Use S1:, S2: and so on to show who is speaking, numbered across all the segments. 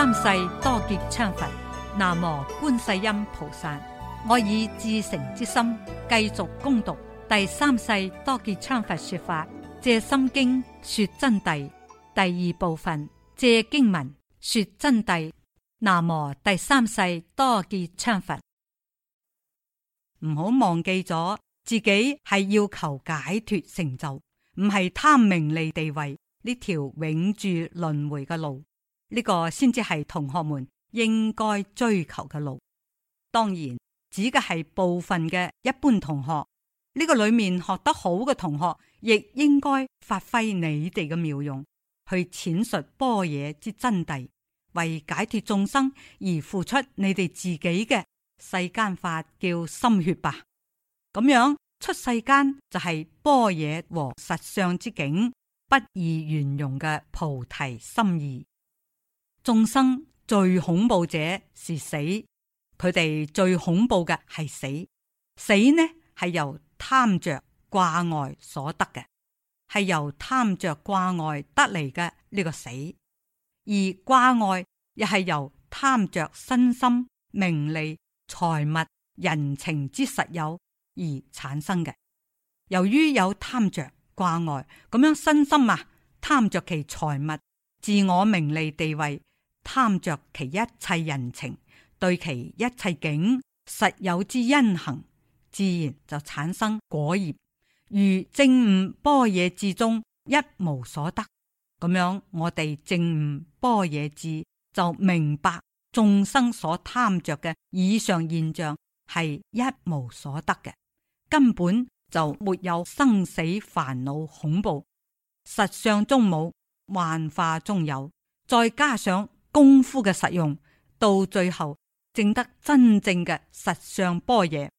S1: 三世多杰羌佛，南無觀世音菩薩。我以至誠之心繼續攻讀第三世多杰羌佛說法，借心經說真諦第二部分，借經文說真諦。南無第三世多杰羌佛，唔好忘記咗自己係要求解脫成就，唔係貪名利地位呢條永住輪迴嘅路。呢個先至係同學們應該追求嘅路，當然指嘅係部分嘅一般同學。呢、這個裏面學得好嘅同學，亦應該發揮你哋嘅妙用去闡述般若之真諦，為解脫眾生而付出你哋自己嘅世間法叫心血吧。咁樣出世間就係般若和實相之境，不二圓融嘅菩提心意。眾生最恐怖者是死，佢哋最恐怖嘅係死。死呢係由貪着掛礙所得嘅，係由貪着掛礙得嚟嘅呢個死。而掛礙又係由貪着身心名利財物人情之實有而產生嘅。由於有貪着掛礙，咁樣身心啊貪着其財物、自我名利地位。貪着其一切人情，對其一切景實有之因行，自然就產生果業。如正悟般若智中一無所得，咁樣我哋正悟般若智就明白眾生所貪着嘅以上現象係一無所得嘅，根本就沒有生死煩惱恐怖。實相中冇，幻化中有，再加上。功夫嘅實用，到最後證得真正嘅實相般若，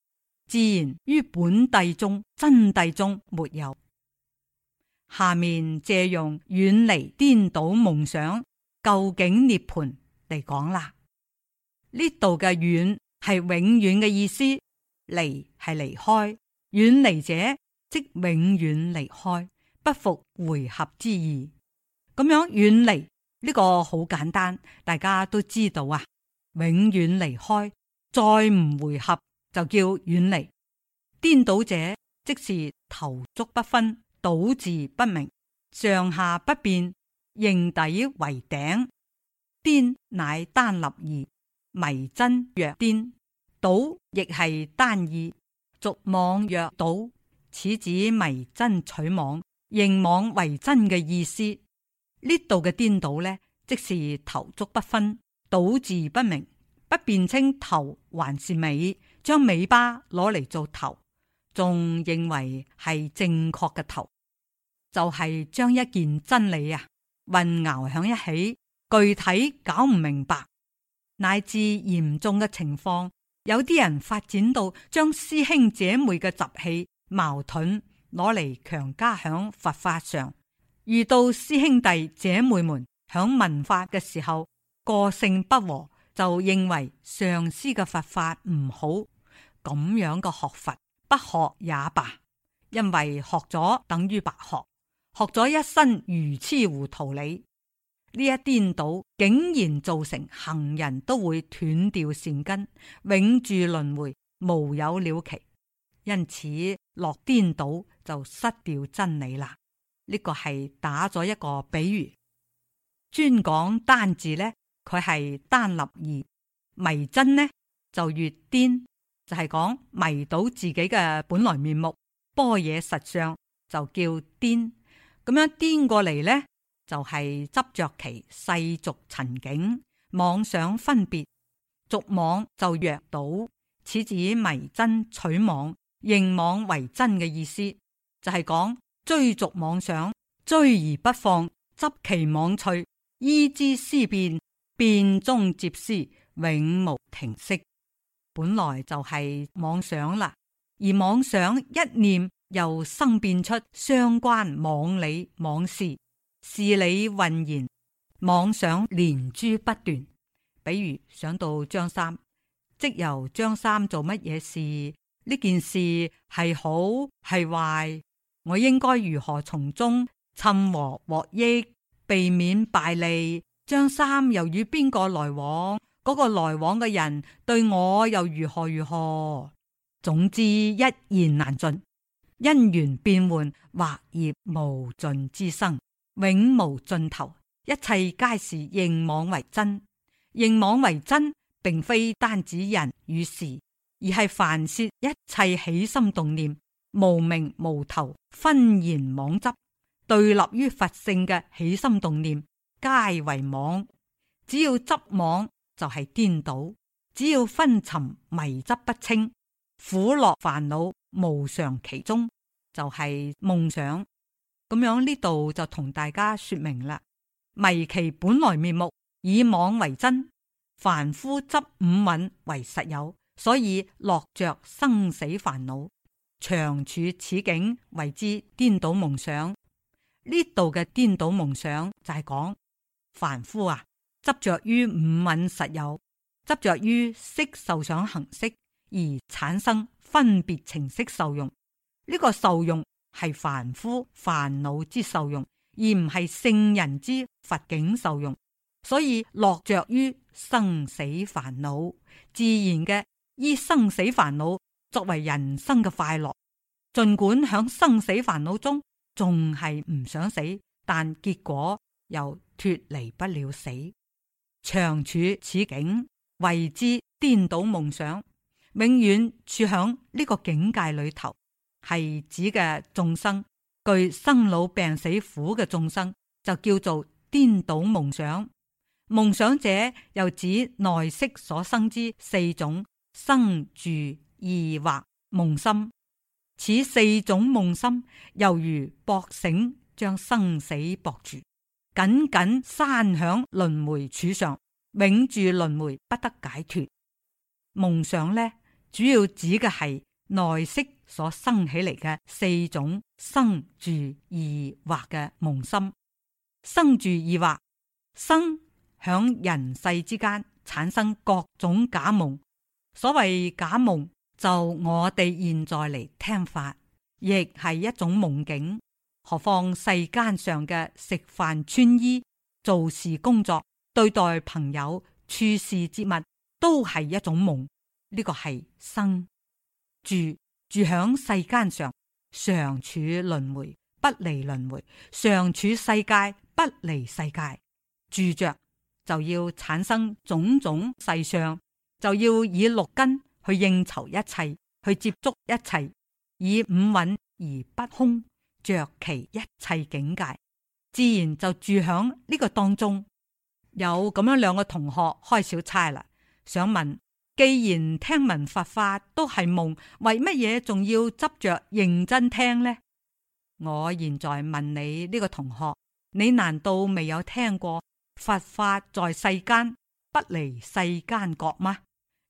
S1: 自然於本諦中真諦中沒有。下面借用遠離顛倒夢想究竟涅槃嚟講啦。呢度嘅遠係永遠嘅意思，離係離開，遠離者即永遠離開，不復回合之意。咁樣遠離。呢個好簡單，大家都知道啊！永遠離開，再唔回合，就叫遠離。顛倒者，即是頭足不分，倒字不明，上下不辨，認底為頂。顛乃單立義，迷真若顛，倒亦係單義，逐網若倒，此指迷真取網，認網為真嘅意思。呢度嘅顛倒呢，即是頭足不分，倒字不明，不辨清頭還是尾，將尾巴攞嚟做頭，仲認為係正確嘅頭，就係、是、將一件真理啊混淆響一起，具體搞唔明白，乃至嚴重嘅情況，有啲人發展到將師兄姐妹嘅習氣矛盾攞嚟強加響佛法上。遇到師兄弟姐妹們響聞法嘅時候，個性不和，就認為上師嘅佛法唔好，咁樣嘅學佛不學也罷，因為學咗等於白學，學咗一身如痴糊桃理，呢一顛倒竟然造成行人都會斷掉善根，永住輪回無有了期，因此落顛倒就失掉真理啦。呢個係打咗一個比喻，專講單字咧，佢係單立而迷真呢就越癲，就係、是、講迷倒自己嘅本來面目，般若實相就叫癲，咁樣癲過嚟咧就係、是、執着其世俗塵境，妄想分別，逐妄就約到，此指迷真取妄，認妄為真嘅意思，就係、是、講。追逐妄想，追而不放，執其妄趣，依之思變，變中接思，永無停息。本來就係妄想啦，而妄想一念又生變出相關妄理、妄事、事理混然，妄想連珠不斷。比如想到張三，即由張三做乜嘢事，呢件事係好係壞？我應該如何從中趁和獲益，避免敗利？張三又與邊個來往？嗰個來往嘅人對我又如何如何？總之一言難盡。因緣變換，惑業無盡之生，永無盡頭。一切皆是認妄為真，認妄為真，並非單指人與事，而係凡涉一切起心動念。無明無頭，分言妄執，對立於佛性嘅起心動念，皆為妄。只要執妄就係、是、顛倒，只要分沉，迷執不清，苦樂煩惱無常其中，就係、是、夢想。咁樣呢度就同大家說明啦。迷其本來面目，以妄為真，凡夫執五蘊為實有，所以落着生死煩惱。長處此境，為之顛倒夢想。呢度嘅顛倒夢想就係講凡夫啊，執着於五蘊實有，執着於色受想行識而產生分別情識受用。呢、這個受用係凡夫煩惱之受用，而唔係聖人之佛境受用。所以落着於生死煩惱，自然嘅以生死煩惱。作為人生嘅快樂，盡管響生死煩惱中，仲係唔想死，但結果又脱離不了死。長處此境，為之顛倒夢想，永遠處響呢個境界裏頭，係指嘅眾生，具生老病死苦嘅眾生，就叫做顛倒夢想。夢想者又指內識所生之四種生住。疑惑夢心，此四種夢心，猶如搏繩，將生死搏住，緊緊拴響輪迴柱上，永住輪迴，不得解脫。夢想呢，主要指嘅係內識所生起嚟嘅四種生住疑惑嘅夢心，生住疑惑，生響人世之間產生各種假夢，所謂假夢。就我哋現在嚟聽法，亦係一種夢境。何況世間上嘅食飯、穿衣、做事、工作、對待朋友、處事節物，都係一種夢。呢個係生。住，住響世間上，常處輪回，不離輪回；常處世界，不離世界。住着就要產生種種世相，就要以六根。去應酬一切，去接觸一切，以五蘊而不空着其一切境界，自然就住響呢個當中。有咁樣兩個同學開小差啦，想問：既然聽聞佛法都係夢，為乜嘢仲要執着認真聽呢？我現在問你呢個同學，你難道未有聽過佛法在世間不離世間覺嗎？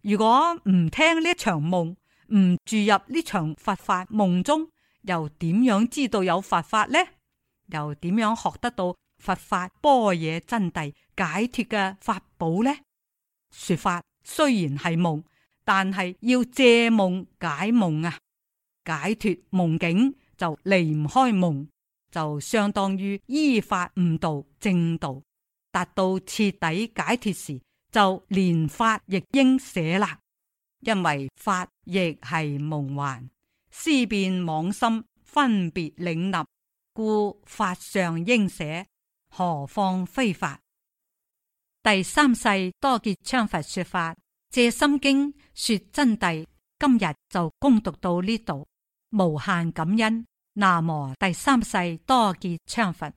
S1: 如果唔聽呢一場夢，唔注入呢場佛法夢中，又點樣知道有佛法呢？又點樣學得到佛法般若真諦解脱嘅法寶呢？說法雖然係夢，但係要借夢解夢啊！解脱夢境就離唔開夢，就相當於依法悟道正道，達到徹底解脱時。就連法亦應捨啦，因為法亦係夢幻，思辨妄心，分別領立，故法上應捨，何況非法？第三世多杰羌佛說法，藉心經說真諦。今日就恭讀到呢度，無限感恩。南無第三世多杰羌佛。